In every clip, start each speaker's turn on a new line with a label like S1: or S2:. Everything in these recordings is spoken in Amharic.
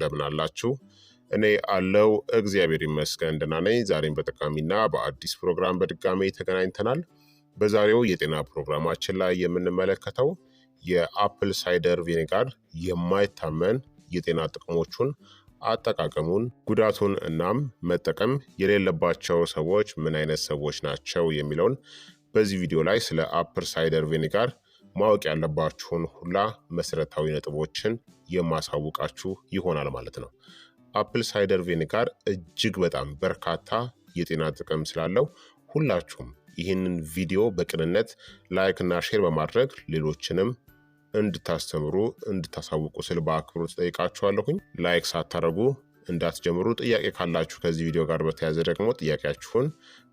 S1: እንደምን አላችሁ? እኔ አለው እግዚአብሔር ይመስገን ደህና ነኝ። ዛሬም በጠቃሚና በአዲስ ፕሮግራም በድጋሜ ተገናኝተናል። በዛሬው የጤና ፕሮግራማችን ላይ የምንመለከተው የአፕል ሳይደር ቪኒጋር የማይታመን የጤና ጥቅሞቹን፣ አጠቃቀሙን፣ ጉዳቱን እናም መጠቀም የሌለባቸው ሰዎች ምን አይነት ሰዎች ናቸው የሚለውን በዚህ ቪዲዮ ላይ ስለ አፕል ሳይደር ቪኒጋር ማወቅ ያለባችሁን ሁላ መሰረታዊ ነጥቦችን የማሳውቃችሁ ይሆናል ማለት ነው። አፕል ሳይደር ቪኒጋር እጅግ በጣም በርካታ የጤና ጥቅም ስላለው ሁላችሁም ይህንን ቪዲዮ በቅንነት ላይክ እና ሼር በማድረግ ሌሎችንም እንድታስተምሩ እንድታሳውቁ ስል በአክብሮት ጠይቃችኋለሁኝ። ላይክ ሳታደርጉ እንዳትጀምሩ። ጥያቄ ካላችሁ ከዚህ ቪዲዮ ጋር በተያያዘ ደግሞ ጥያቄያችሁን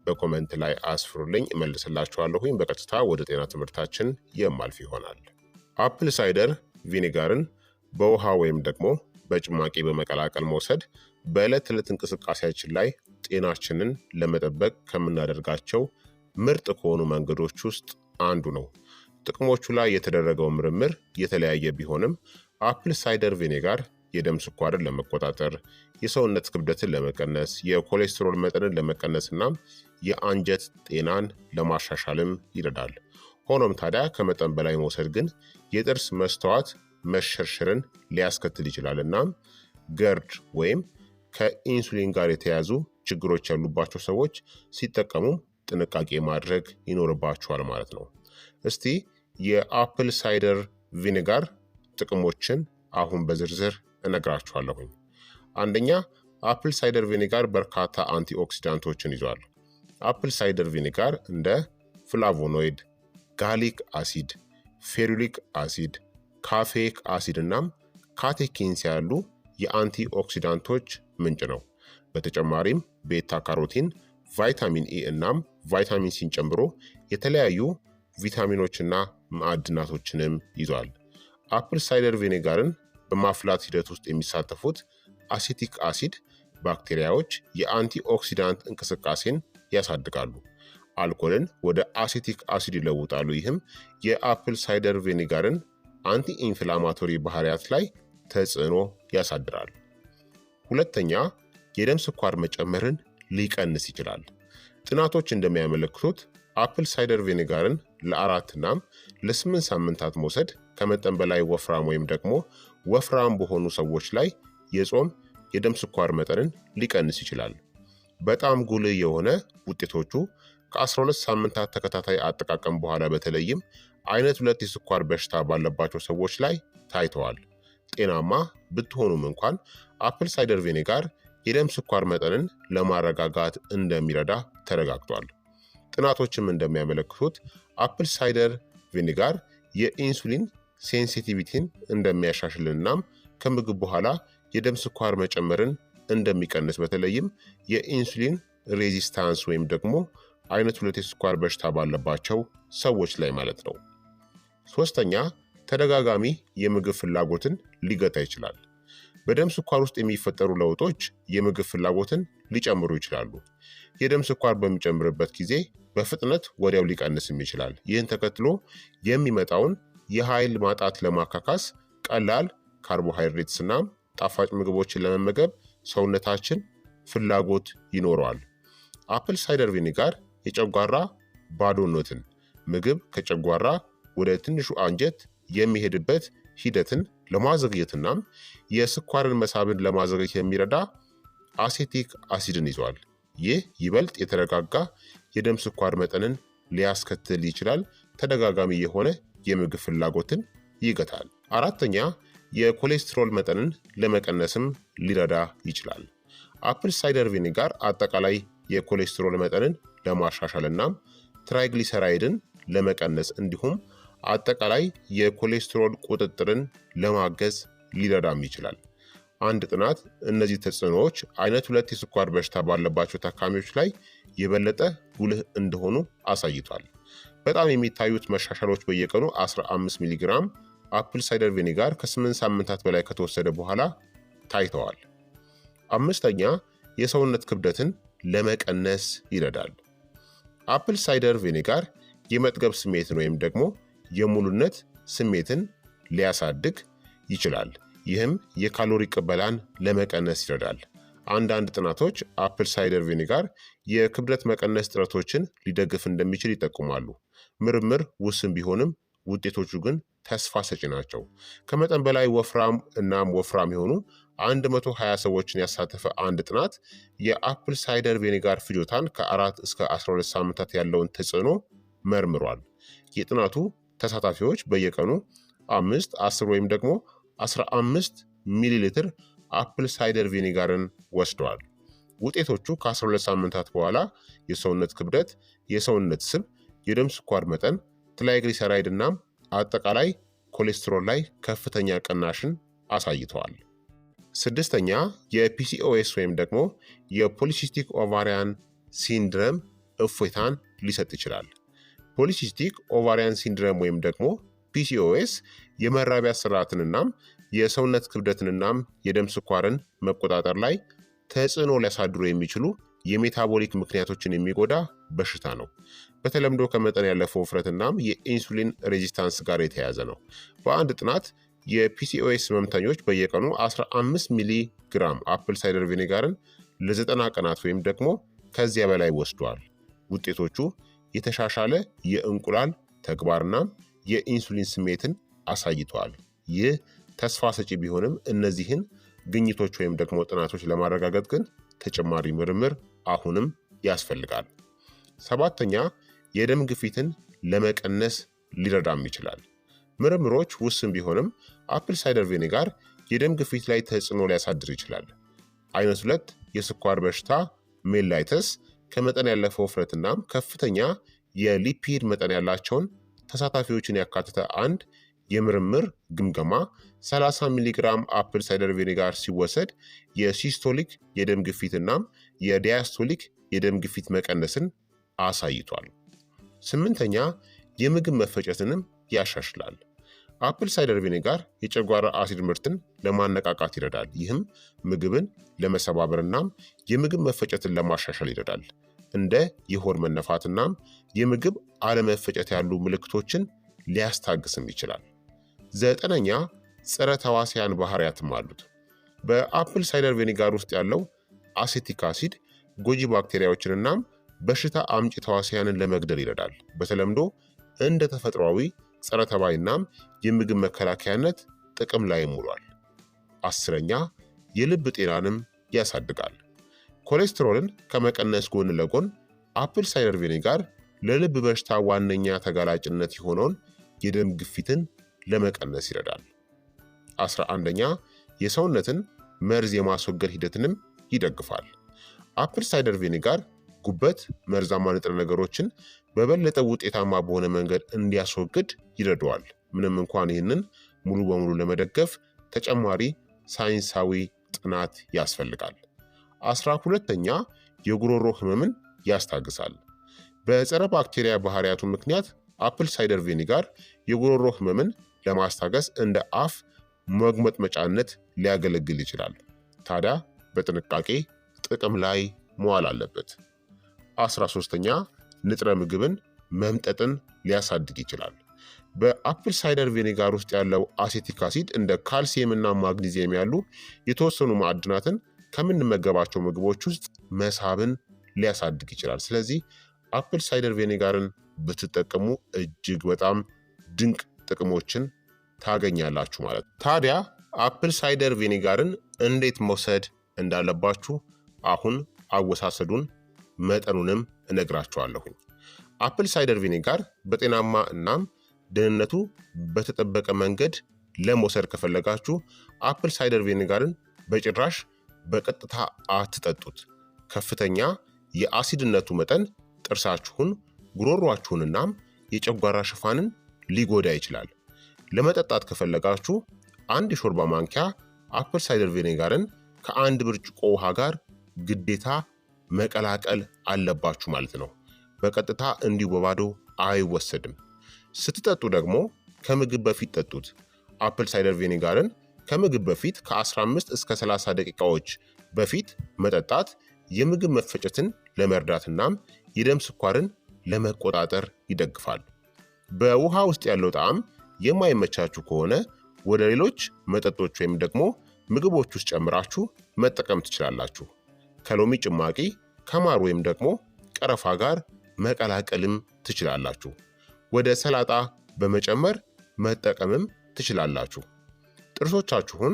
S1: በኮመንት ላይ አስፍሩልኝ፣ እመልስላችኋለሁኝ። በቀጥታ ወደ ጤና ትምህርታችን የማልፍ ይሆናል። አፕል ሳይደር ቪኒጋርን በውሃ ወይም ደግሞ በጭማቂ በመቀላቀል መውሰድ በዕለት ተዕለት እንቅስቃሴያችን ላይ ጤናችንን ለመጠበቅ ከምናደርጋቸው ምርጥ ከሆኑ መንገዶች ውስጥ አንዱ ነው። ጥቅሞቹ ላይ የተደረገው ምርምር የተለያየ ቢሆንም አፕል ሳይደር ቪኔጋር የደም ስኳርን ለመቆጣጠር፣ የሰውነት ክብደትን ለመቀነስ፣ የኮሌስትሮል መጠንን ለመቀነስ እናም የአንጀት ጤናን ለማሻሻልም ይረዳል። ሆኖም ታዲያ ከመጠን በላይ መውሰድ ግን የጥርስ መስተዋት መሸርሸርን ሊያስከትል ይችላል። እናም ገርድ ወይም ከኢንሱሊን ጋር የተያዙ ችግሮች ያሉባቸው ሰዎች ሲጠቀሙ ጥንቃቄ ማድረግ ይኖርባቸዋል ማለት ነው። እስቲ የአፕል ሳይደር ቪኒጋር ጥቅሞችን አሁን በዝርዝር እነግራችኋለሁኝ። አንደኛ አፕል ሳይደር ቪኒጋር በርካታ አንቲኦክሲዳንቶችን ይዟል። አፕል ሳይደር ቪኒጋር እንደ ፍላቮኖይድ፣ ጋሊክ አሲድ፣ ፌሩሊክ አሲድ ካፌክ አሲድ እናም ካቴኪንስ ያሉ የአንቲ ኦክሲዳንቶች ምንጭ ነው። በተጨማሪም ቤታ ካሮቲን፣ ቫይታሚን ኢ እናም ቫይታሚን ሲን ጨምሮ የተለያዩ ቪታሚኖችና ማዕድናቶችንም ይዟል። አፕል ሳይደር ቪኔጋርን በማፍላት ሂደት ውስጥ የሚሳተፉት አሴቲክ አሲድ ባክቴሪያዎች የአንቲ ኦክሲዳንት እንቅስቃሴን ያሳድጋሉ። አልኮልን ወደ አሴቲክ አሲድ ይለውጣሉ። ይህም የአፕል ሳይደር ቬኒጋርን አንቲ ኢንፍላማቶሪ ባህሪያት ላይ ተጽዕኖ ያሳድራል። ሁለተኛ የደም ስኳር መጨመርን ሊቀንስ ይችላል። ጥናቶች እንደሚያመለክቱት አፕል ሳይደር ቪኒጋርን ለአራት እናም ለስምንት ሳምንታት መውሰድ ከመጠን በላይ ወፍራም ወይም ደግሞ ወፍራም በሆኑ ሰዎች ላይ የጾም የደም ስኳር መጠንን ሊቀንስ ይችላል። በጣም ጉልህ የሆነ ውጤቶቹ ከ12 ሳምንታት ተከታታይ አጠቃቀም በኋላ በተለይም አይነት ሁለት የስኳር በሽታ ባለባቸው ሰዎች ላይ ታይተዋል። ጤናማ ብትሆኑም እንኳን አፕል ሳይደር ቪኔጋር የደም ስኳር መጠንን ለማረጋጋት እንደሚረዳ ተረጋግጧል። ጥናቶችም እንደሚያመለክቱት አፕል ሳይደር ቪኒጋር የኢንሱሊን ሴንሲቲቪቲን እንደሚያሻሽልን እናም ከምግብ በኋላ የደም ስኳር መጨመርን እንደሚቀንስ በተለይም የኢንሱሊን ሬዚስታንስ ወይም ደግሞ አይነት ሁለት የስኳር በሽታ ባለባቸው ሰዎች ላይ ማለት ነው። ሶስተኛ ተደጋጋሚ የምግብ ፍላጎትን ሊገታ ይችላል። በደም ስኳር ውስጥ የሚፈጠሩ ለውጦች የምግብ ፍላጎትን ሊጨምሩ ይችላሉ። የደም ስኳር በሚጨምርበት ጊዜ በፍጥነት ወዲያው ሊቀንስም ይችላል። ይህን ተከትሎ የሚመጣውን የኃይል ማጣት ለማካካስ ቀላል ካርቦሃይድሬትስ እናም ጣፋጭ ምግቦችን ለመመገብ ሰውነታችን ፍላጎት ይኖረዋል። አፕል ሳይደር ቪኒጋር የጨጓራ ባዶነትን ምግብ ከጨጓራ ወደ ትንሹ አንጀት የሚሄድበት ሂደትን ለማዘግየትናም የስኳርን መሳብን ለማዘግየት የሚረዳ አሴቲክ አሲድን ይዟል። ይህ ይበልጥ የተረጋጋ የደም ስኳር መጠንን ሊያስከትል ይችላል። ተደጋጋሚ የሆነ የምግብ ፍላጎትን ይገታል። አራተኛ የኮሌስትሮል መጠንን ለመቀነስም ሊረዳ ይችላል። አፕል ሳይደር ቪኒጋር አጠቃላይ የኮሌስትሮል መጠንን ለማሻሻል እናም ትራይግሊሰራይድን ለመቀነስ እንዲሁም አጠቃላይ የኮሌስትሮል ቁጥጥርን ለማገዝ ሊረዳም ይችላል። አንድ ጥናት እነዚህ ተጽዕኖዎች አይነት ሁለት የስኳር በሽታ ባለባቸው ታካሚዎች ላይ የበለጠ ጉልህ እንደሆኑ አሳይቷል። በጣም የሚታዩት መሻሻሎች በየቀኑ 15 ሚሊግራም አፕል ሳይደር ቪኒጋር ከ8 ሳምንታት በላይ ከተወሰደ በኋላ ታይተዋል። አምስተኛ የሰውነት ክብደትን ለመቀነስ ይረዳል። አፕል ሳይደር ቪኒጋር የመጥገብ ስሜትን ወይም ደግሞ የሙሉነት ስሜትን ሊያሳድግ ይችላል። ይህም የካሎሪ ቅበላን ለመቀነስ ይረዳል። አንዳንድ ጥናቶች አፕል ሳይደር ቪኒጋር የክብደት መቀነስ ጥረቶችን ሊደግፍ እንደሚችል ይጠቁማሉ። ምርምር ውስን ቢሆንም ውጤቶቹ ግን ተስፋ ሰጪ ናቸው። ከመጠን በላይ ወፍራም እናም ወፍራም የሆኑ 120 ሰዎችን ያሳተፈ አንድ ጥናት የአፕል ሳይደር ቬኔጋር ፍጆታን ከ4 እስከ 12 ሳምንታት ያለውን ተጽዕኖ መርምሯል። የጥናቱ ተሳታፊዎች በየቀኑ አምስት አስር ወይም ደግሞ 15 ሚሊ ሊትር አፕል ሳይደር ቪኒጋርን ወስደዋል። ውጤቶቹ ከ12 ሳምንታት በኋላ የሰውነት ክብደት፣ የሰውነት ስብ፣ የደም ስኳር መጠን፣ ትራይግሊሰራይድ እናም አጠቃላይ ኮሌስትሮል ላይ ከፍተኛ ቅናሽን አሳይተዋል። ስድስተኛ የፒሲኦኤስ ወይም ደግሞ የፖሊሲስቲክ ኦቫሪያን ሲንድረም እፎይታን ሊሰጥ ይችላል። ፖሊሲስቲክ ኦቫሪያን ሲንድረም ወይም ደግሞ ፒሲኦኤስ የመራቢያ ስርዓትንናም የሰውነት ክብደትንናም የደም ስኳርን መቆጣጠር ላይ ተጽዕኖ ሊያሳድሩ የሚችሉ የሜታቦሊክ ምክንያቶችን የሚጎዳ በሽታ ነው። በተለምዶ ከመጠን ያለፈው ውፍረትናም የኢንሱሊን ሬዚስታንስ ጋር የተያያዘ ነው። በአንድ ጥናት የፒሲኦኤስ ህመምተኞች በየቀኑ 15 ሚሊ ግራም አፕል ሳይደር ቪኔጋርን ለ90 ቀናት ወይም ደግሞ ከዚያ በላይ ወስዷል። ውጤቶቹ የተሻሻለ የእንቁላል ተግባርና የኢንሱሊን ስሜትን አሳይተዋል። ይህ ተስፋ ሰጪ ቢሆንም እነዚህን ግኝቶች ወይም ደግሞ ጥናቶች ለማረጋገጥ ግን ተጨማሪ ምርምር አሁንም ያስፈልጋል። ሰባተኛ የደም ግፊትን ለመቀነስ ሊረዳም ይችላል። ምርምሮች ውስን ቢሆንም አፕል ሳይደር ጋር የደም ግፊት ላይ ተጽዕኖ ሊያሳድር ይችላል። አይነት ሁለት የስኳር በሽታ ሜላይተስ ከመጠን ያለፈ ውፍረትና ከፍተኛ የሊፒድ መጠን ያላቸውን ተሳታፊዎችን ያካተተ አንድ የምርምር ግምገማ 30 ሚሊግራም አፕል ሳይደር ቪኒጋር ሲወሰድ የሲስቶሊክ የደም ግፊትና የዲያስቶሊክ የደም ግፊት መቀነስን አሳይቷል። ስምንተኛ የምግብ መፈጨትንም ያሻሽላል። አፕል ሳይደር ቪኔጋር የጨጓራ አሲድ ምርትን ለማነቃቃት ይረዳል። ይህም ምግብን ለመሰባበር እናም የምግብ መፈጨትን ለማሻሻል ይረዳል። እንደ የሆድ መነፋት እናም የምግብ አለመፈጨት ያሉ ምልክቶችን ሊያስታግስም ይችላል። ዘጠነኛ ጸረ ተዋሲያን ባህሪያትም አሉት። በአፕል ሳይደር ቬኒጋር ውስጥ ያለው አሴቲክ አሲድ ጎጂ ባክቴሪያዎችን እናም በሽታ አምጪ ተዋሲያንን ለመግደል ይረዳል። በተለምዶ እንደ ተፈጥሯዊ ጸረ ተባይናም የምግብ መከላከያነት ጥቅም ላይ ውሏል። አስረኛ የልብ ጤናንም ያሳድጋል። ኮሌስትሮልን ከመቀነስ ጎን ለጎን አፕል ሳይደር ቪኔጋር ለልብ በሽታ ዋነኛ ተጋላጭነት የሆነውን የደም ግፊትን ለመቀነስ ይረዳል። አስራ አንደኛ የሰውነትን መርዝ የማስወገድ ሂደትንም ይደግፋል። አፕል ሳይደር ቪኔጋር ጉበት መርዛማ ንጥረ ነገሮችን በበለጠ ውጤታማ በሆነ መንገድ እንዲያስወግድ ይረዳዋል። ምንም እንኳን ይህንን ሙሉ በሙሉ ለመደገፍ ተጨማሪ ሳይንሳዊ ጥናት ያስፈልጋል። አስራ ሁለተኛ የጉሮሮ ህመምን ያስታግሳል። በጸረ ባክቴሪያ ባህሪያቱ ምክንያት አፕል ሳይደር ቪኒጋር የጉሮሮ ህመምን ለማስታገስ እንደ አፍ መጉመጥመጫነት ሊያገለግል ይችላል። ታዲያ በጥንቃቄ ጥቅም ላይ መዋል አለበት። አስራ ሶስተኛ ንጥረ ምግብን መምጠጥን ሊያሳድግ ይችላል። በአፕል ሳይደር ቬኔጋር ውስጥ ያለው አሴቲክ አሲድ እንደ ካልሲየም እና ማግኒዚየም ያሉ የተወሰኑ ማዕድናትን ከምንመገባቸው ምግቦች ውስጥ መሳብን ሊያሳድግ ይችላል። ስለዚህ አፕል ሳይደር ቬኔጋርን ብትጠቀሙ እጅግ በጣም ድንቅ ጥቅሞችን ታገኛላችሁ ማለት ነው። ታዲያ አፕል ሳይደር ቬኔጋርን እንዴት መውሰድ እንዳለባችሁ አሁን አወሳሰዱን መጠኑንም እነግራችኋለሁኝ። አፕል ሳይደር ቪኒጋር በጤናማ እናም ደህንነቱ በተጠበቀ መንገድ ለመውሰድ ከፈለጋችሁ አፕል ሳይደር ቪኒጋርን በጭራሽ በቀጥታ አትጠጡት። ከፍተኛ የአሲድነቱ መጠን ጥርሳችሁን፣ ጉሮሯችሁን የጨጓራ ሽፋንን ሊጎዳ ይችላል። ለመጠጣት ከፈለጋችሁ አንድ የሾርባ ማንኪያ አፕል ሳይደር ቪኒጋርን ከአንድ ብርጭቆ ውሃ ጋር ግዴታ መቀላቀል አለባችሁ ማለት ነው። በቀጥታ እንዲሁ በባዶ አይወሰድም። ስትጠጡ ደግሞ ከምግብ በፊት ጠጡት። አፕል ሳይደር ቪኒጋርን ከምግብ በፊት ከ15 እስከ 30 ደቂቃዎች በፊት መጠጣት የምግብ መፈጨትን ለመርዳትናም የደም ስኳርን ለመቆጣጠር ይደግፋል። በውሃ ውስጥ ያለው ጣዕም የማይመቻችሁ ከሆነ ወደ ሌሎች መጠጦች ወይም ደግሞ ምግቦች ውስጥ ጨምራችሁ መጠቀም ትችላላችሁ። ከሎሚ ጭማቂ ከማር ወይም ደግሞ ቀረፋ ጋር መቀላቀልም ትችላላችሁ። ወደ ሰላጣ በመጨመር መጠቀምም ትችላላችሁ። ጥርሶቻችሁን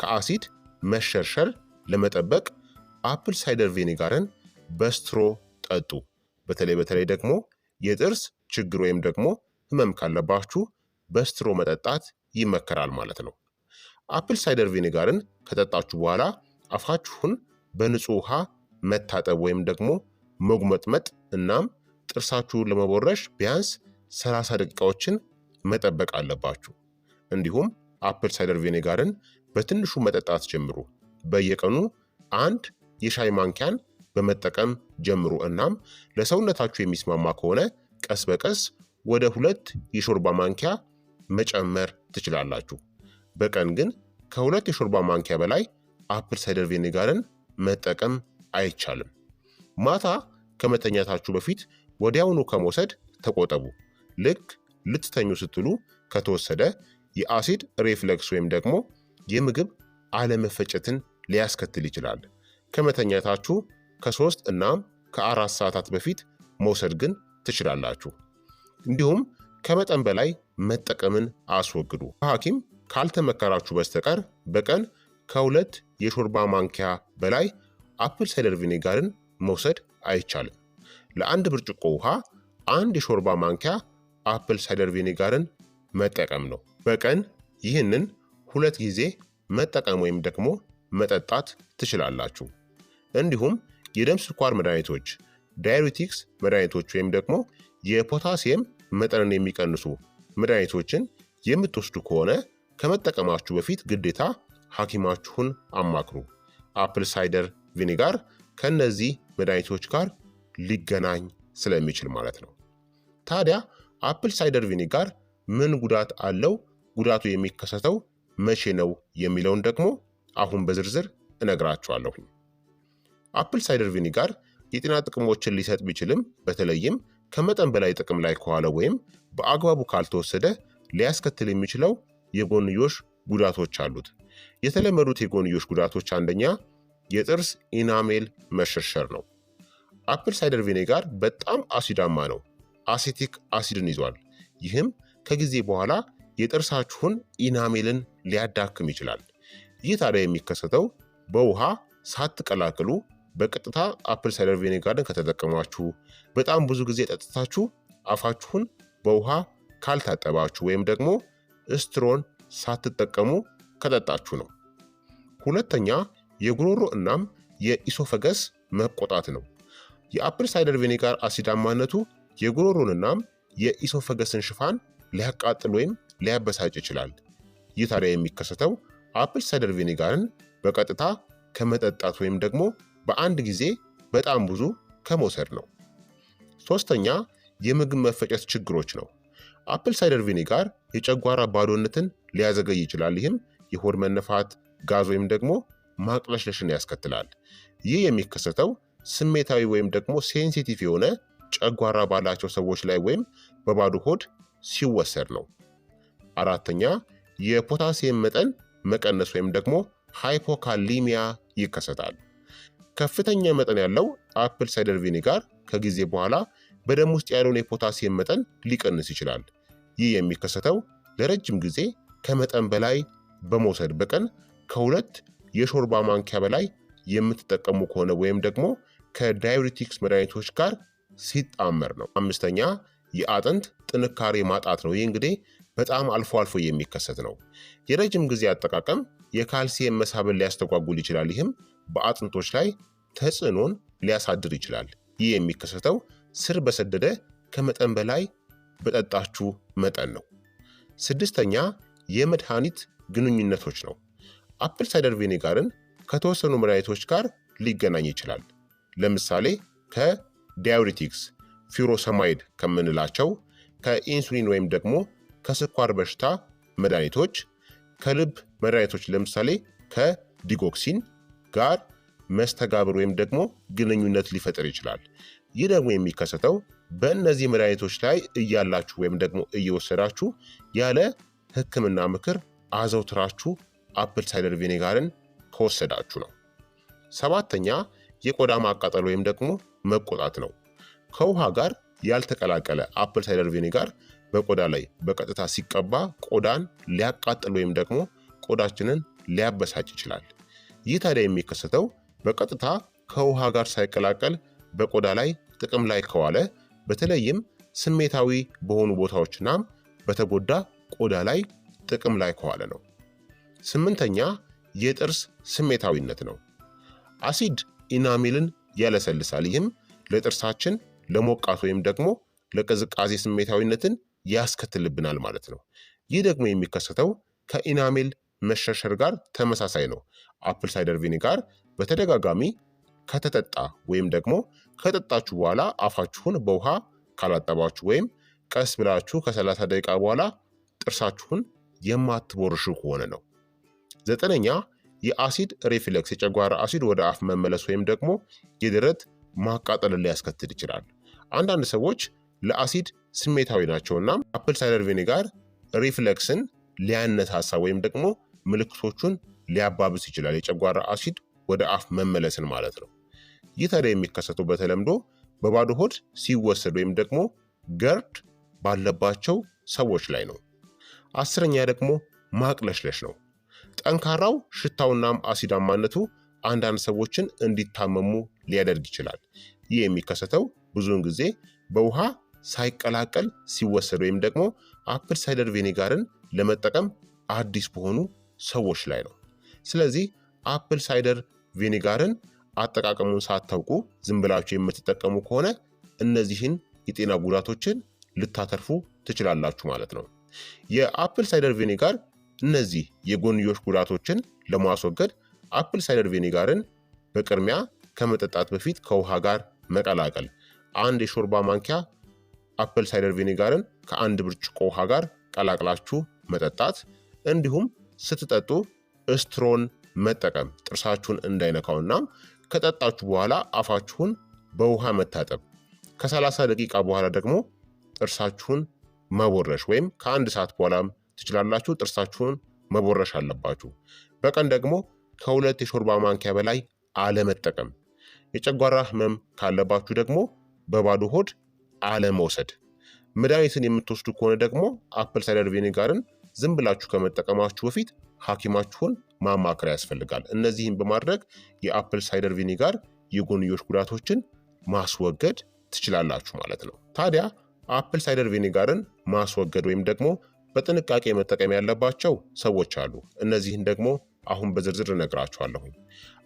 S1: ከአሲድ መሸርሸር ለመጠበቅ አፕል ሳይደር ቪኒጋርን በስትሮ ጠጡ። በተለይ በተለይ ደግሞ የጥርስ ችግር ወይም ደግሞ ህመም ካለባችሁ በስትሮ መጠጣት ይመከራል ማለት ነው። አፕል ሳይደር ቪኒጋርን ከጠጣችሁ በኋላ አፋችሁን በንጹህ ውሃ መታጠብ ወይም ደግሞ መጉመጥመጥ እናም ጥርሳችሁን ለመቦረሽ ቢያንስ 30 ደቂቃዎችን መጠበቅ አለባችሁ። እንዲሁም አፕል ሳይደር ቪኔጋርን በትንሹ መጠጣት ጀምሩ። በየቀኑ አንድ የሻይ ማንኪያን በመጠቀም ጀምሩ። እናም ለሰውነታችሁ የሚስማማ ከሆነ ቀስ በቀስ ወደ ሁለት የሾርባ ማንኪያ መጨመር ትችላላችሁ። በቀን ግን ከሁለት የሾርባ ማንኪያ በላይ አፕል ሳይደር ቪኔጋርን መጠቀም አይቻልም። ማታ ከመተኛታችሁ በፊት ወዲያውኑ ከመውሰድ ተቆጠቡ። ልክ ልትተኙ ስትሉ ከተወሰደ የአሲድ ሬፍለክስ ወይም ደግሞ የምግብ አለመፈጨትን ሊያስከትል ይችላል። ከመተኛታችሁ ከሶስት እናም ከአራት ሰዓታት በፊት መውሰድ ግን ትችላላችሁ። እንዲሁም ከመጠን በላይ መጠቀምን አስወግዱ። በሐኪም ካልተመከራችሁ በስተቀር በቀን ከሁለት የሾርባ ማንኪያ በላይ አፕል ሳይደር ቪኔጋርን መውሰድ አይቻልም። ለአንድ ብርጭቆ ውሃ አንድ የሾርባ ማንኪያ አፕል ሳይደር ቪኔጋርን መጠቀም ነው። በቀን ይህንን ሁለት ጊዜ መጠቀም ወይም ደግሞ መጠጣት ትችላላችሁ። እንዲሁም የደም ስኳር መድኃኒቶች፣ ዳይሪቲክስ መድኃኒቶች ወይም ደግሞ የፖታሲየም መጠንን የሚቀንሱ መድኃኒቶችን የምትወስዱ ከሆነ ከመጠቀማችሁ በፊት ግዴታ ሐኪማችሁን አማክሩ። አፕል ሳይደር ቪኒጋር ከነዚህ መድኃኒቶች ጋር ሊገናኝ ስለሚችል ማለት ነው። ታዲያ አፕል ሳይደር ቪኒጋር ምን ጉዳት አለው? ጉዳቱ የሚከሰተው መቼ ነው የሚለውን ደግሞ አሁን በዝርዝር እነግራችኋለሁኝ። አፕል ሳይደር ቪኒጋር የጤና ጥቅሞችን ሊሰጥ ቢችልም በተለይም ከመጠን በላይ ጥቅም ላይ ከዋለ ወይም በአግባቡ ካልተወሰደ ሊያስከትል የሚችለው የጎንዮሽ ጉዳቶች አሉት። የተለመዱት የጎንዮሽ ጉዳቶች አንደኛ የጥርስ ኢናሜል መሸርሸር ነው። አፕል ሳይደር ቪኔጋር በጣም አሲዳማ ነው። አሴቲክ አሲድን ይዟል። ይህም ከጊዜ በኋላ የጥርሳችሁን ኢናሜልን ሊያዳክም ይችላል። ይህ ታዲያ የሚከሰተው በውሃ ሳትቀላቅሉ በቀጥታ አፕል ሳይደር ቪኔጋርን ከተጠቀማችሁ፣ በጣም ብዙ ጊዜ ጠጥታችሁ አፋችሁን በውሃ ካልታጠባችሁ፣ ወይም ደግሞ ስትሮን ሳትጠቀሙ ከጠጣችሁ ነው። ሁለተኛ የጉሮሮ እናም የኢሶፈገስ መቆጣት ነው። የአፕል ሳይደር ቪኒጋር አሲዳማነቱ የጉሮሮን እናም የኢሶፈገስን ሽፋን ሊያቃጥል ወይም ሊያበሳጭ ይችላል። ይህ ታዲያ የሚከሰተው አፕል ሳይደር ቪኒጋርን በቀጥታ ከመጠጣት ወይም ደግሞ በአንድ ጊዜ በጣም ብዙ ከመውሰድ ነው። ሶስተኛ የምግብ መፈጨት ችግሮች ነው። አፕል ሳይደር ቪኒጋር የጨጓራ ባዶነትን ሊያዘገይ ይችላል። ይህም የሆድ መነፋት፣ ጋዝ ወይም ደግሞ ማቅለሽለሽን ያስከትላል። ይህ የሚከሰተው ስሜታዊ ወይም ደግሞ ሴንሲቲቭ የሆነ ጨጓራ ባላቸው ሰዎች ላይ ወይም በባዶ ሆድ ሲወሰድ ነው። አራተኛ የፖታሲየም መጠን መቀነስ ወይም ደግሞ ሃይፖካሊሚያ ይከሰታል። ከፍተኛ መጠን ያለው አፕል ሳይደር ቪኒጋር ከጊዜ በኋላ በደም ውስጥ ያለውን የፖታሲየም መጠን ሊቀንስ ይችላል። ይህ የሚከሰተው ለረጅም ጊዜ ከመጠን በላይ በመውሰድ በቀን ከሁለት የሾርባ ማንኪያ በላይ የምትጠቀሙ ከሆነ ወይም ደግሞ ከዳይሪቲክስ መድኃኒቶች ጋር ሲጣመር ነው። አምስተኛ የአጥንት ጥንካሬ ማጣት ነው። ይህ እንግዲህ በጣም አልፎ አልፎ የሚከሰት ነው። የረጅም ጊዜ አጠቃቀም የካልሲየም መሳብን ሊያስተጓጉል ይችላል። ይህም በአጥንቶች ላይ ተጽዕኖን ሊያሳድር ይችላል። ይህ የሚከሰተው ስር በሰደደ ከመጠን በላይ በጠጣችሁ መጠን ነው። ስድስተኛ የመድኃኒት ግንኙነቶች ነው። አፕል ሳይደር ቪኒጋርን ከተወሰኑ መድኃኒቶች ጋር ሊገናኝ ይችላል። ለምሳሌ ከዳዩሪቲክስ ፊሮሰማይድ ከምንላቸው፣ ከኢንሱሊን ወይም ደግሞ ከስኳር በሽታ መድኃኒቶች፣ ከልብ መድኃኒቶች ለምሳሌ ከዲጎክሲን ጋር መስተጋብር ወይም ደግሞ ግንኙነት ሊፈጥር ይችላል። ይህ ደግሞ የሚከሰተው በእነዚህ መድኃኒቶች ላይ እያላችሁ ወይም ደግሞ እየወሰዳችሁ ያለ ሕክምና ምክር አዘውትራችሁ አፕል ሳይደር ቪኔጋርን ከወሰዳችሁ ነው። ሰባተኛ የቆዳ ማቃጠል ወይም ደግሞ መቆጣት ነው። ከውሃ ጋር ያልተቀላቀለ አፕል ሳይደር ቪኔጋር በቆዳ ላይ በቀጥታ ሲቀባ ቆዳን ሊያቃጥል ወይም ደግሞ ቆዳችንን ሊያበሳጭ ይችላል። ይህ ታዲያ የሚከሰተው በቀጥታ ከውሃ ጋር ሳይቀላቀል በቆዳ ላይ ጥቅም ላይ ከዋለ በተለይም ስሜታዊ በሆኑ ቦታዎችናም በተጎዳ ቆዳ ላይ ጥቅም ላይ ከዋለ ነው። ስምንተኛ የጥርስ ስሜታዊነት ነው። አሲድ ኢናሚልን ያለሰልሳል። ይህም ለጥርሳችን ለሞቃት ወይም ደግሞ ለቅዝቃዜ ስሜታዊነትን ያስከትልብናል ማለት ነው። ይህ ደግሞ የሚከሰተው ከኢናሜል መሸርሸር ጋር ተመሳሳይ ነው። አፕል ሳይደር ቪኒጋር በተደጋጋሚ ከተጠጣ ወይም ደግሞ ከጠጣችሁ በኋላ አፋችሁን በውሃ ካላጠባችሁ ወይም ቀስ ብላችሁ ከ30 ደቂቃ በኋላ ጥርሳችሁን የማትቦርሹ ከሆነ ነው። ዘጠነኛ የአሲድ ሪፍሌክስ የጨጓራ አሲድ ወደ አፍ መመለስ ወይም ደግሞ የደረት ማቃጠልን ሊያስከትል ይችላል። አንዳንድ ሰዎች ለአሲድ ስሜታዊ ናቸው እና አፕል ሳይደር ቪኒጋር ሪፍለክስን ሊያነሳሳ ወይም ደግሞ ምልክቶቹን ሊያባብስ ይችላል። የጨጓራ አሲድ ወደ አፍ መመለስን ማለት ነው። ይህ ታዲያ የሚከሰተው በተለምዶ በባዶ ሆድ ሲወሰድ ወይም ደግሞ ገርድ ባለባቸው ሰዎች ላይ ነው። አስረኛ ደግሞ ማቅለሽለሽ ነው። ጠንካራው ሽታውናም አሲዳማነቱ አንዳንድ ሰዎችን እንዲታመሙ ሊያደርግ ይችላል። ይህ የሚከሰተው ብዙውን ጊዜ በውሃ ሳይቀላቀል ሲወሰድ ወይም ደግሞ አፕል ሳይደር ቬኔጋርን ለመጠቀም አዲስ በሆኑ ሰዎች ላይ ነው። ስለዚህ አፕል ሳይደር ቬኔጋርን አጠቃቀሙን ሳታውቁ ዝም ብላችሁ የምትጠቀሙ ከሆነ እነዚህን የጤና ጉዳቶችን ልታተርፉ ትችላላችሁ ማለት ነው። የአፕል ሳይደር ቪኒጋር እነዚህ የጎንዮሽ ጉዳቶችን ለማስወገድ አፕል ሳይደር ቪኒጋርን በቅድሚያ ከመጠጣት በፊት ከውሃ ጋር መቀላቀል። አንድ የሾርባ ማንኪያ አፕል ሳይደር ቪኒጋርን ከአንድ ብርጭቆ ውሃ ጋር ቀላቅላችሁ መጠጣት። እንዲሁም ስትጠጡ ስትሮን መጠቀም ጥርሳችሁን እንዳይነካውና ከጠጣችሁ በኋላ አፋችሁን በውሃ መታጠብ። ከ30 ደቂቃ በኋላ ደግሞ ጥርሳችሁን መቦረሽ ወይም ከአንድ ሰዓት በኋላም ትችላላችሁ። ጥርሳችሁን መቦረሽ አለባችሁ። በቀን ደግሞ ከሁለት የሾርባ ማንኪያ በላይ አለመጠቀም። የጨጓራ ህመም ካለባችሁ ደግሞ በባዶ ሆድ አለመውሰድ። መድኃኒትን የምትወስዱ ከሆነ ደግሞ አፕል ሳይደር ቪኒጋርን ዝም ብላችሁ ከመጠቀማችሁ በፊት ሐኪማችሁን ማማከር ያስፈልጋል። እነዚህን በማድረግ የአፕል ሳይደር ቪኒጋር የጎንዮሽ ጉዳቶችን ማስወገድ ትችላላችሁ ማለት ነው። ታዲያ አፕል ሳይደር ቪኒጋርን ማስወገድ ወይም ደግሞ በጥንቃቄ መጠቀም ያለባቸው ሰዎች አሉ። እነዚህን ደግሞ አሁን በዝርዝር እነግራችኋለሁኝ።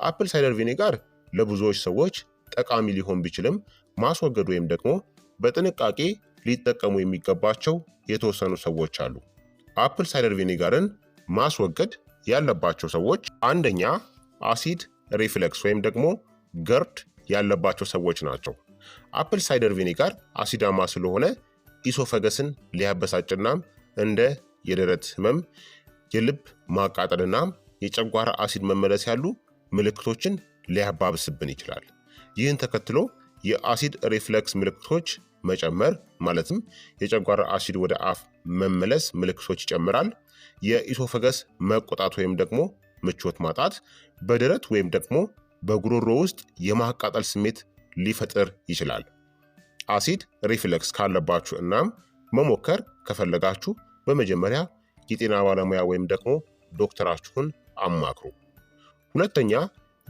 S1: አፕል ሳይደር ቪኒጋር ለብዙዎች ሰዎች ጠቃሚ ሊሆን ቢችልም ማስወገድ ወይም ደግሞ በጥንቃቄ ሊጠቀሙ የሚገባቸው የተወሰኑ ሰዎች አሉ። አፕል ሳይደር ቪኒጋርን ማስወገድ ያለባቸው ሰዎች አንደኛ አሲድ ሪፍለክስ ወይም ደግሞ ገርድ ያለባቸው ሰዎች ናቸው። አፕል ሳይደር ቪኒጋር አሲዳማ ስለሆነ ኢሶፈገስን ሊያበሳጭናም እንደ የደረት ህመም፣ የልብ ማቃጠልናም የጨጓራ አሲድ መመለስ ያሉ ምልክቶችን ሊያባብስብን ይችላል። ይህን ተከትሎ የአሲድ ሪፍለክስ ምልክቶች መጨመር ማለትም የጨጓራ አሲድ ወደ አፍ መመለስ ምልክቶች ይጨምራል። የኢሶፈገስ መቆጣት ወይም ደግሞ ምቾት ማጣት፣ በደረት ወይም ደግሞ በጉሮሮ ውስጥ የማቃጠል ስሜት ሊፈጥር ይችላል። አሲድ ሪፍለክስ ካለባችሁ እናም መሞከር ከፈለጋችሁ በመጀመሪያ የጤና ባለሙያ ወይም ደግሞ ዶክተራችሁን አማክሩ። ሁለተኛ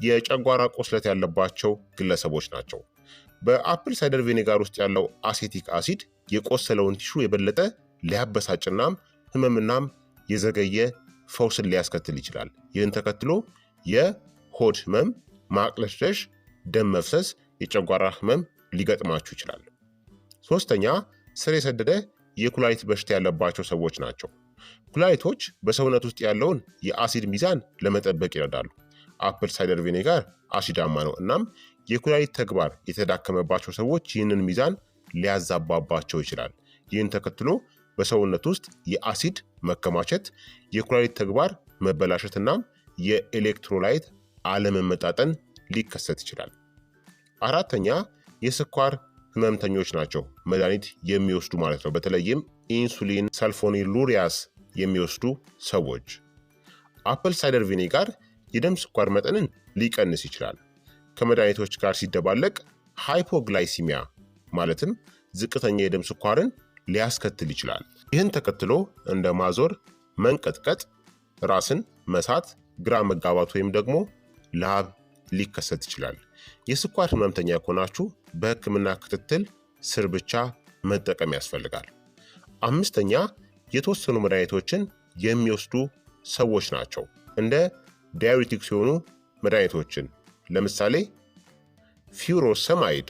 S1: የጨጓራ ቁስለት ያለባቸው ግለሰቦች ናቸው። በአፕል ሳይደር ቪኔጋር ውስጥ ያለው አሴቲክ አሲድ የቆሰለውን ቲሹ የበለጠ ሊያበሳጭናም ህመምናም የዘገየ ፈውስን ሊያስከትል ይችላል። ይህን ተከትሎ የሆድ ህመም፣ ማቅለሽለሽ፣ ደም መፍሰስ የጨጓራ ህመም ሊገጥማችሁ ይችላል። ሶስተኛ ስር የሰደደ የኩላሊት በሽታ ያለባቸው ሰዎች ናቸው። ኩላሊቶች በሰውነት ውስጥ ያለውን የአሲድ ሚዛን ለመጠበቅ ይረዳሉ። አፕል ሳይደር ቪኔጋር አሲዳማ ነው፣ እናም የኩላሊት ተግባር የተዳከመባቸው ሰዎች ይህንን ሚዛን ሊያዛባባቸው ይችላል። ይህን ተከትሎ በሰውነት ውስጥ የአሲድ መከማቸት፣ የኩላሊት ተግባር መበላሸት እናም የኤሌክትሮላይት አለመመጣጠን ሊከሰት ይችላል። አራተኛ የስኳር ህመምተኞች ናቸው መድኃኒት የሚወስዱ ማለት ነው። በተለይም ኢንሱሊን፣ ሰልፎኒ ሉሪያስ የሚወስዱ ሰዎች። አፕል ሳይደር ቪኔጋር የደም ስኳር መጠንን ሊቀንስ ይችላል። ከመድኃኒቶች ጋር ሲደባለቅ ሃይፖግላይሲሚያ ማለትም ዝቅተኛ የደም ስኳርን ሊያስከትል ይችላል። ይህን ተከትሎ እንደ ማዞር፣ መንቀጥቀጥ፣ ራስን መሳት፣ ግራ መጋባት ወይም ደግሞ ላብ ሊከሰት ይችላል። የስኳር ህመምተኛ ከሆናችሁ በህክምና ክትትል ስር ብቻ መጠቀም ያስፈልጋል። አምስተኛ የተወሰኑ መድኃኒቶችን የሚወስዱ ሰዎች ናቸው። እንደ ዳዩሪቲክስ የሆኑ መድኃኒቶችን ለምሳሌ ፊውሮሰማይድ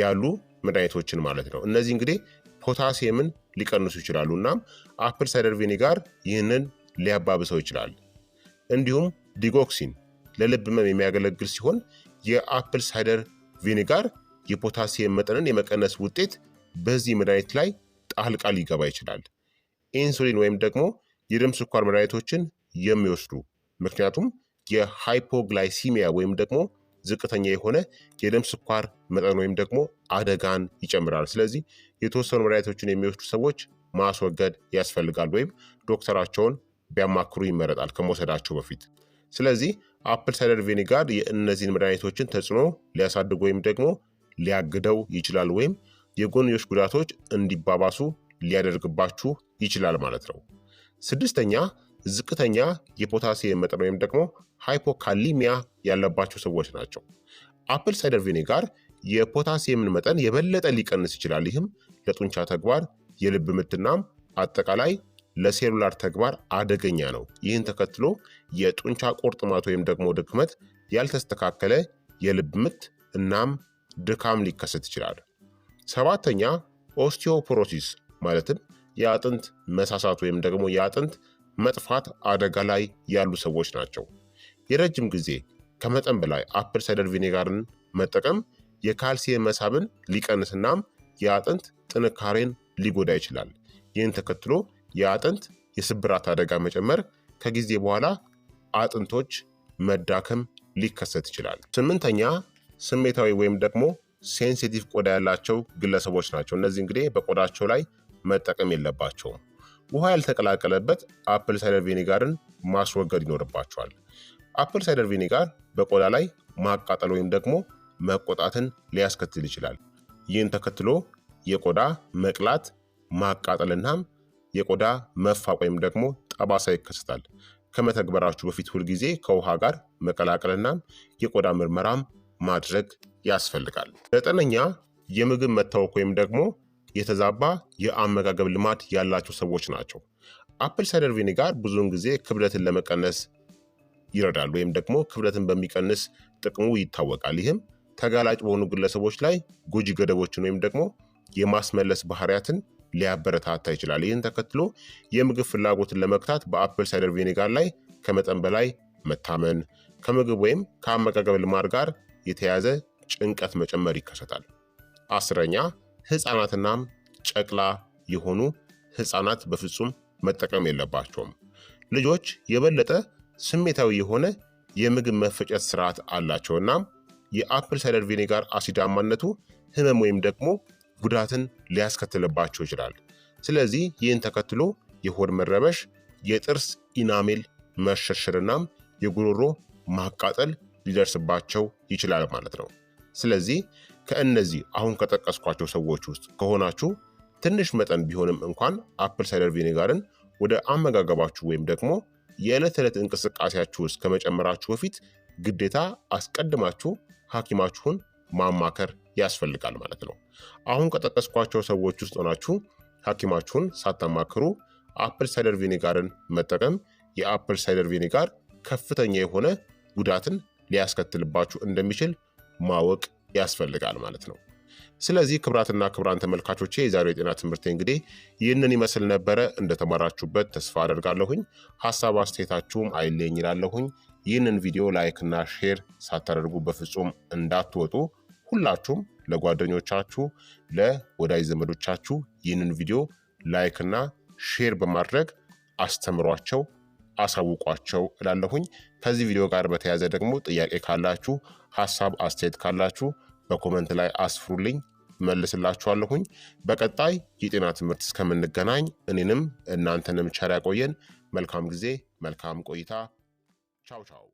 S1: ያሉ መድኃኒቶችን ማለት ነው። እነዚህ እንግዲህ ፖታሲየምን ሊቀንሱ ይችላሉ። እናም አፕል ሳይደር ቪኒጋር ይህንን ሊያባብሰው ይችላል። እንዲሁም ዲጎክሲን ለልብ ህመም የሚያገለግል ሲሆን የአፕል ሳይደር ቪኒጋር የፖታሲየም መጠንን የመቀነስ ውጤት በዚህ መድኃኒት ላይ ጣልቃ ሊገባ ይችላል። ኢንሱሊን ወይም ደግሞ የደም ስኳር መድኃኒቶችን የሚወስዱ ምክንያቱም የሃይፖግላይሲሚያ ወይም ደግሞ ዝቅተኛ የሆነ የደም ስኳር መጠን ወይም ደግሞ አደጋን ይጨምራል። ስለዚህ የተወሰኑ መድኃኒቶችን የሚወስዱ ሰዎች ማስወገድ ያስፈልጋል ወይም ዶክተራቸውን ቢያማክሩ ይመረጣል ከመውሰዳቸው በፊት። ስለዚህ አፕል ሳይደር ቪኒጋር የእነዚህን መድኃኒቶችን ተጽዕኖ ሊያሳድግ ወይም ደግሞ ሊያግደው ይችላል ወይም የጎንዮሽ ጉዳቶች እንዲባባሱ ሊያደርግባችሁ ይችላል ማለት ነው። ስድስተኛ ዝቅተኛ የፖታሲየም መጠን ወይም ደግሞ ሃይፖካሊሚያ ያለባቸው ሰዎች ናቸው። አፕል ሳይደር ቪኒጋር የፖታሲየምን መጠን የበለጠ ሊቀንስ ይችላል። ይህም ለጡንቻ ተግባር፣ የልብ ምትናም አጠቃላይ ለሴሉላር ተግባር አደገኛ ነው። ይህን ተከትሎ የጡንቻ ቁርጥማት ወይም ደግሞ ድክመት፣ ያልተስተካከለ የልብ ምት እናም ድካም ሊከሰት ይችላል። ሰባተኛ ኦስቲዮፖሮሲስ ማለትም የአጥንት መሳሳት ወይም ደግሞ የአጥንት መጥፋት አደጋ ላይ ያሉ ሰዎች ናቸው። የረጅም ጊዜ ከመጠን በላይ አፕል ሳይደር ቪኔጋርን መጠቀም የካልሲየም መሳብን ሊቀንስናም የአጥንት ጥንካሬን ሊጎዳ ይችላል። ይህን ተከትሎ የአጥንት የስብራት አደጋ መጨመር፣ ከጊዜ በኋላ አጥንቶች መዳከም ሊከሰት ይችላል። ስምንተኛ ስሜታዊ ወይም ደግሞ ሴንሲቲቭ ቆዳ ያላቸው ግለሰቦች ናቸው። እነዚህ እንግዲህ በቆዳቸው ላይ መጠቀም የለባቸውም። ውሃ ያልተቀላቀለበት አፕል ሳይደር ቪኒጋርን ማስወገድ ይኖርባቸዋል። አፕል ሳይደር ቪኒጋር በቆዳ ላይ ማቃጠል ወይም ደግሞ መቆጣትን ሊያስከትል ይችላል። ይህን ተከትሎ የቆዳ መቅላት ማቃጠልናም የቆዳ መፋቅ ወይም ደግሞ ጠባሳ ይከሰታል። ከመተግበራችሁ በፊት ሁልጊዜ ከውሃ ጋር መቀላቀልና የቆዳ ምርመራም ማድረግ ያስፈልጋል። ዘጠነኛ የምግብ መታወክ ወይም ደግሞ የተዛባ የአመጋገብ ልማድ ያላቸው ሰዎች ናቸው። አፕል ሳይደር ቪኒጋር ብዙውን ጊዜ ክብደትን ለመቀነስ ይረዳል ወይም ደግሞ ክብደትን በሚቀንስ ጥቅሙ ይታወቃል። ይህም ተጋላጭ በሆኑ ግለሰቦች ላይ ጎጂ ገደቦችን ወይም ደግሞ የማስመለስ ባህሪያትን ሊያበረታታ ይችላል። ይህን ተከትሎ የምግብ ፍላጎትን ለመግታት በአፕል ሳይደር ቪኔጋር ላይ ከመጠን በላይ መታመን፣ ከምግብ ወይም ከአመጋገብ ልማድ ጋር የተያዘ ጭንቀት መጨመር ይከሰታል። አስረኛ ህፃናትናም ጨቅላ የሆኑ ህፃናት በፍጹም መጠቀም የለባቸውም። ልጆች የበለጠ ስሜታዊ የሆነ የምግብ መፈጨት ስርዓት አላቸው እናም የአፕል ሳይደር ቪኔጋር አሲዳማነቱ ህመም ወይም ደግሞ ጉዳትን ሊያስከትልባቸው ይችላል። ስለዚህ ይህን ተከትሎ የሆድ መረበሽ፣ የጥርስ ኢናሜል መሸርሸርናም የጉሮሮ ማቃጠል ሊደርስባቸው ይችላል ማለት ነው። ስለዚህ ከእነዚህ አሁን ከጠቀስኳቸው ሰዎች ውስጥ ከሆናችሁ ትንሽ መጠን ቢሆንም እንኳን አፕል ሳይደር ቪኔጋርን ወደ አመጋገባችሁ ወይም ደግሞ የዕለት ዕለት እንቅስቃሴያችሁ ውስጥ ከመጨመራችሁ በፊት ግዴታ አስቀድማችሁ ሐኪማችሁን ማማከር ያስፈልጋል ማለት ነው። አሁን ከጠቀስኳቸው ሰዎች ውስጥ ሆናችሁ ሐኪማችሁን ሳታማክሩ አፕል ሳይደር ቪኒጋርን መጠቀም የአፕል ሳይደር ቪኒጋር ከፍተኛ የሆነ ጉዳትን ሊያስከትልባችሁ እንደሚችል ማወቅ ያስፈልጋል ማለት ነው። ስለዚህ ክብራትና ክብራን ተመልካቾቼ የዛሬው የጤና ትምህርቴ እንግዲህ ይህንን ይመስል ነበረ። እንደተማራችሁበት ተስፋ አደርጋለሁኝ። ሀሳብ አስተያየታችሁም አይለኝ ይላለሁኝ። ይህንን ቪዲዮ ላይክና ሼር ሳታደርጉ በፍጹም እንዳትወጡ ሁላችሁም ለጓደኞቻችሁ ለወዳጅ ዘመዶቻችሁ ይህንን ቪዲዮ ላይክ እና ሼር በማድረግ አስተምሯቸው፣ አሳውቋቸው እላለሁኝ። ከዚህ ቪዲዮ ጋር በተያያዘ ደግሞ ጥያቄ ካላችሁ፣ ሀሳብ አስተያየት ካላችሁ በኮመንት ላይ አስፍሩልኝ፣ መልስላችኋለሁኝ። በቀጣይ የጤና ትምህርት እስከምንገናኝ እኔንም እናንተንም ቸር ያቆየን። መልካም ጊዜ፣ መልካም ቆይታ። ቻው ቻው።